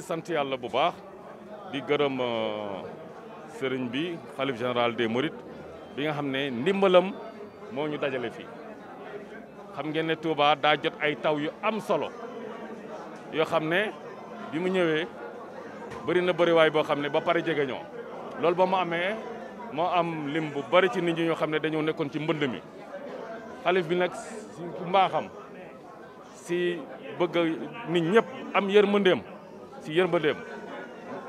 sant yàlla bu baax di gërëm euh, sëriñ bi xalif général des Mourides bi nga xam ne ndimbalam moo ñu dajale fi xam ngeen ne Touba daa jot ay taw yu am solo yoo xam ne bi mu ñëwee bëri na bëriwaay boo xam ne ba pare jege ñoo loolu ba mu amee moo am lim bu bëri ci nit ñi ñoo xam ne dañoo nekkoon ci mbënd mi xalif bi nag si mbaaxam si bëgg nit ñëpp am yër yërmandeem ci yërmandeem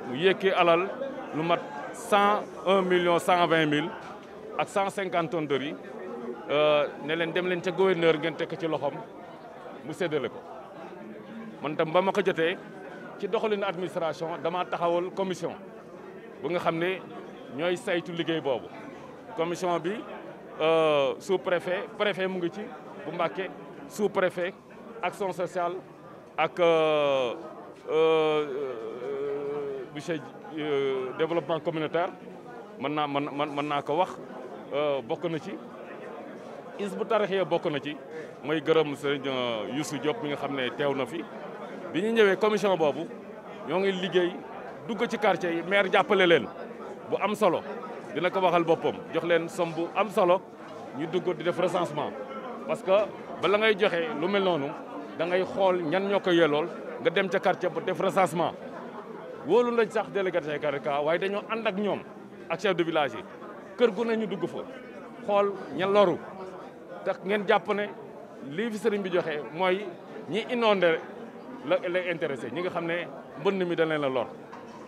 mu yékkee alal lu mat cent un million cent vingt mille ak cent cinquante tonnes de riz euh, ne leen dem leen ca gouverneur ngeen tekk ci loxoom mu séddale ko man tam ba ma ko jotee ci doxalin administration dama taxawal commission bu nga xam ne ñooy saytu liggéey boobu commission bi euh, sous préfet préfet mu ngi ci bu Mbàkke sous préfet action sociale ak euh, Euh, euh, monsieur euh, développement communautaire mën naa mën man mën naa ko wax bokk na ci Hizbut Tarqiyyah bokk na ci mooy gërëm sëriñ Youssou Diop mi nga xam ne teew na fi bi ñu ñëwee commission boobu ñoo ngi liggéey dugg ci quartier yi maire jàppale leen bu am solo dina ko waxal boppam jox leen somme bu am solo ñu dugg di def recensement parce que bala ngay joxe lu mel noonu da ngay xool ñan ñoo ko yellool nga dem ca quartier ba def recensement wóolu lañ sax délégué de quartier ka waaye dañoo ànd ak ñoom ak chef de village yi kër gu ne ñu dugg fa xool ña loru tax ngeen jàpp ne lii fi sëriñ bi joxe mooy ñi inondé la lay intéressé ñi nga xam ne mbënn mi da leen la lor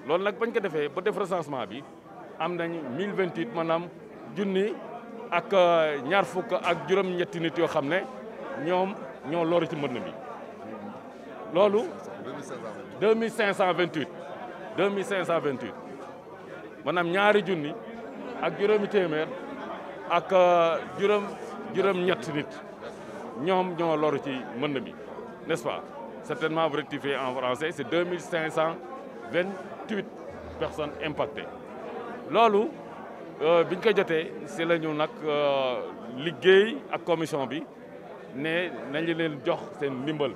loolu nag bañ ko defee ba def recensement bi am nañ 1028 maanaam junni ak euh, ñaar fukk ak juróom-ñetti nit yoo xam ne ñoom ñoo loru ci mbënn mi loolu. 2528 2528 maanaam ñaari junni ak juróomi téeméer ak euh, juróom juróom ñett nit ñoom ñoo loru ci na mi n'est-ce pas certainement vous rectifiez en français c'est 2528 personnes impactées loolu euh, biñ ko jotee si la ñu euh, liggéey ak commission bi ne nañu leen jox seen ndimbal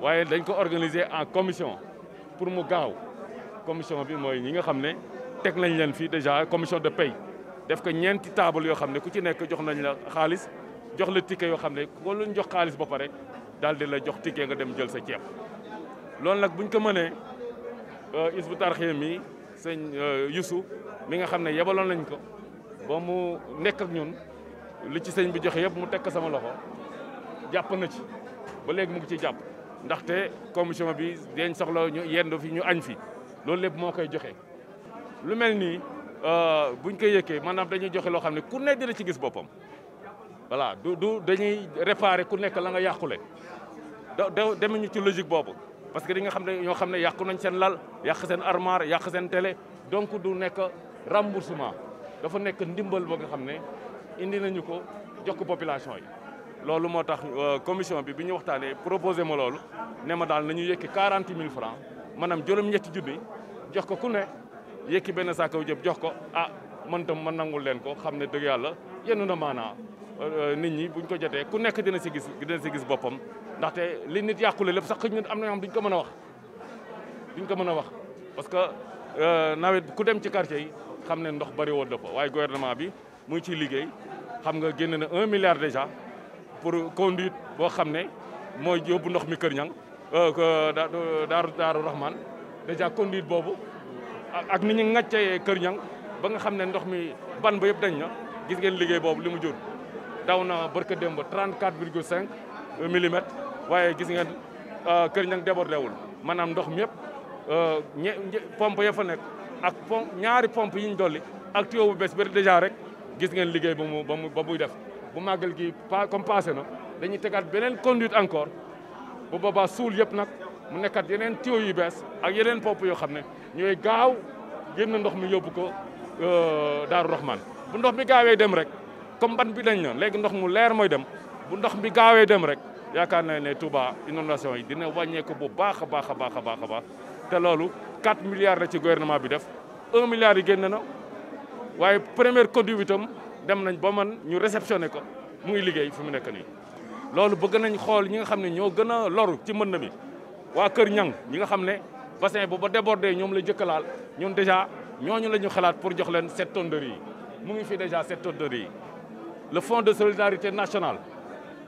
waaye dañ ko organiser en commission pour mu gaaw commission bi mooy ñi nga xam ne teg nañ leen fii déjà commission de paie def ko ñeenti taabal yoo xam ne ku ci nekk jox nañ la xaalis jox la ticket yoo xam ne ko luñ jox xaalis ba pare daal di la jox tikkee nga dem jël sa ceeb loolu nag buñ ko mënee euh, Hizbut Tarqiyyah mi sëñ euh, Youssou mi nga xam ne yebaloon nañ ko ba mu nekk ak ñun li ci sëñ bi joxe yëpp mu teg sama loxo jàpp na ci ba léegi mu ngi ciy jàpp ndaxte commission bi dañ soxla ñu yendu fi ñu añ fi loolu lépp moo koy joxe lu mel nii euh, buñ koy yëkkee maanaam dañuy joxe loo xam ne ku ne dina ci gis boppam voilà du du dañuy réparer ku nekk la nga yàqule da demuñu ci logique boobu parce que di nga xam ne ñoo xam ne yàqu nañ seen lal yàq seen armoire yàq seen tele donc du nekk remboursement dafa nekk ndimbal ba nga xam ne indi nañu ko jox ko population yi loolu moo tax euh, commission bi bi ñu waxtaanee proposé ma loolu ne ma daal nañu yëkki quarante mille francs maanaam juróom-ñetti junni jox ko ku ne yëkki benn saako jëb jox ko ah man tam nangu leen ko xam ne dëgg yàlla yenn na maanaa euh, nit ñi buñ ko jotee ku nekk dina si gis dina si gis boppam ndaxte li nit yàqule lépp sax xëy na am na ñoo xam duñ ko mën a wax duñ ko mën a wax parce que euh, nawet ku dem ci quartier yi xam ne ndox bari woon na fa waaye gouvernement bi mu ciy liggéey xam nga génn na un milliard déjà pour conduite boo xam ne mooy yóbbu ndox mi Kër Ñang euh, euh, daaru daaru Rahman dèjà conduite boobu ak ni ñu ŋàccee Kër Ñang ba nga xam ne ndox mi ban ba yëpp dañ na gis ngeen liggéey boobu li mu jur daw na barka démb 34 virgule 5 millimètres waaye gis ngeen euh, Kër Ñang débordé wul maanaam ndox mi yëpp ñe pompe ya fa nekk ak pompe ñaari pompe yi ñu dolli ak tuyau bu bees bi dèjà rek gis ngeen liggéey ba mu ba muy def bu màggal gi pas comme passé na dañuy tegaat beneen conduite encore bu boobaa suul yëpp nag mu nekkat yeneen tuyau yu bees ak yeneen popp yoo xam ne ñooy gaaw génn ndox mi yóbbu ko euh, Daaru Rahman bu ndox mi gaawee dem rek comme ban bi dañ na léegi ndox mu leer mooy dem bu ndox mi gaawee dem rek yaakaar na ne Touba inondation yi dina wàññeeku bu baax a baax a baax a baax a baax te loolu 4 milliards la ci gouvernement bi def 1 milliard yi génn na waaye première conduite dem nañ ba man ñu réceptionné ko mu ngi liggéey fu mu nekk nii. loolu bëgg nañ xool ñi nga xam ne ñoo gën a loru ci mën na mi waa Kër Ñang ñi nga xam ne bassin bu ba débordé ñoom la jëkkalaal ñun dèjà ñooñu la ñu xalaat pour jox leen sept tonnes de riz yi mu ngi fi dèjà sept tonnes de riz yi. le fonds de solidarité nationale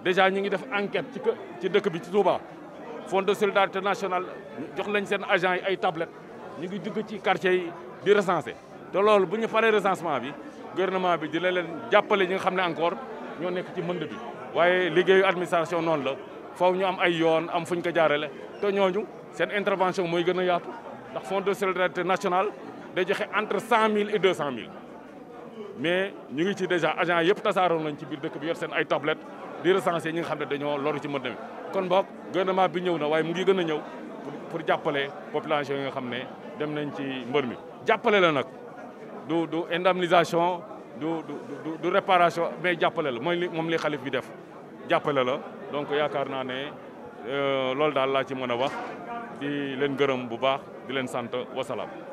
dèjà ñu ngi def enquête ci ci dëkk bi ci Touba fonds de solidarité nationale jox lañ seen agent yi ay tablettes ñu ngi dugg ci quartier yi di recenser. te loolu bu ñu paree recensement bi gouvernement bi dina leen jàppale ñi nga xam ne encore ñoo nekk ci mënd bi waaye liggéeyu administration noon la faw ñu am ay yoon am fu ñu ko jaarale te ñooñu seen intervention mooy gën a yaatu ndax fonds de solidarité national day joxe entre cent mille et cent mille mais ñu ngi ci déjà agent yëpp tasaaroo nañ ci biir dëkk bi yor seen ay tablette di recenser ñi nga xam ne dañoo loru ci mënd mi kon boog gouvernement bi ñëw na waaye mu ngi gën a ñëw pour jàppale population yi nga ne dem nañ ci mbër mi jàppale la nag du du indemnisation du du réparation mais jàppale mooy li moom li xalif bi def jàppale donc yaakaar naa ne euh, loolu daal laa ci mën a wax di leen gërëm bu baax di leen sant wasalaam.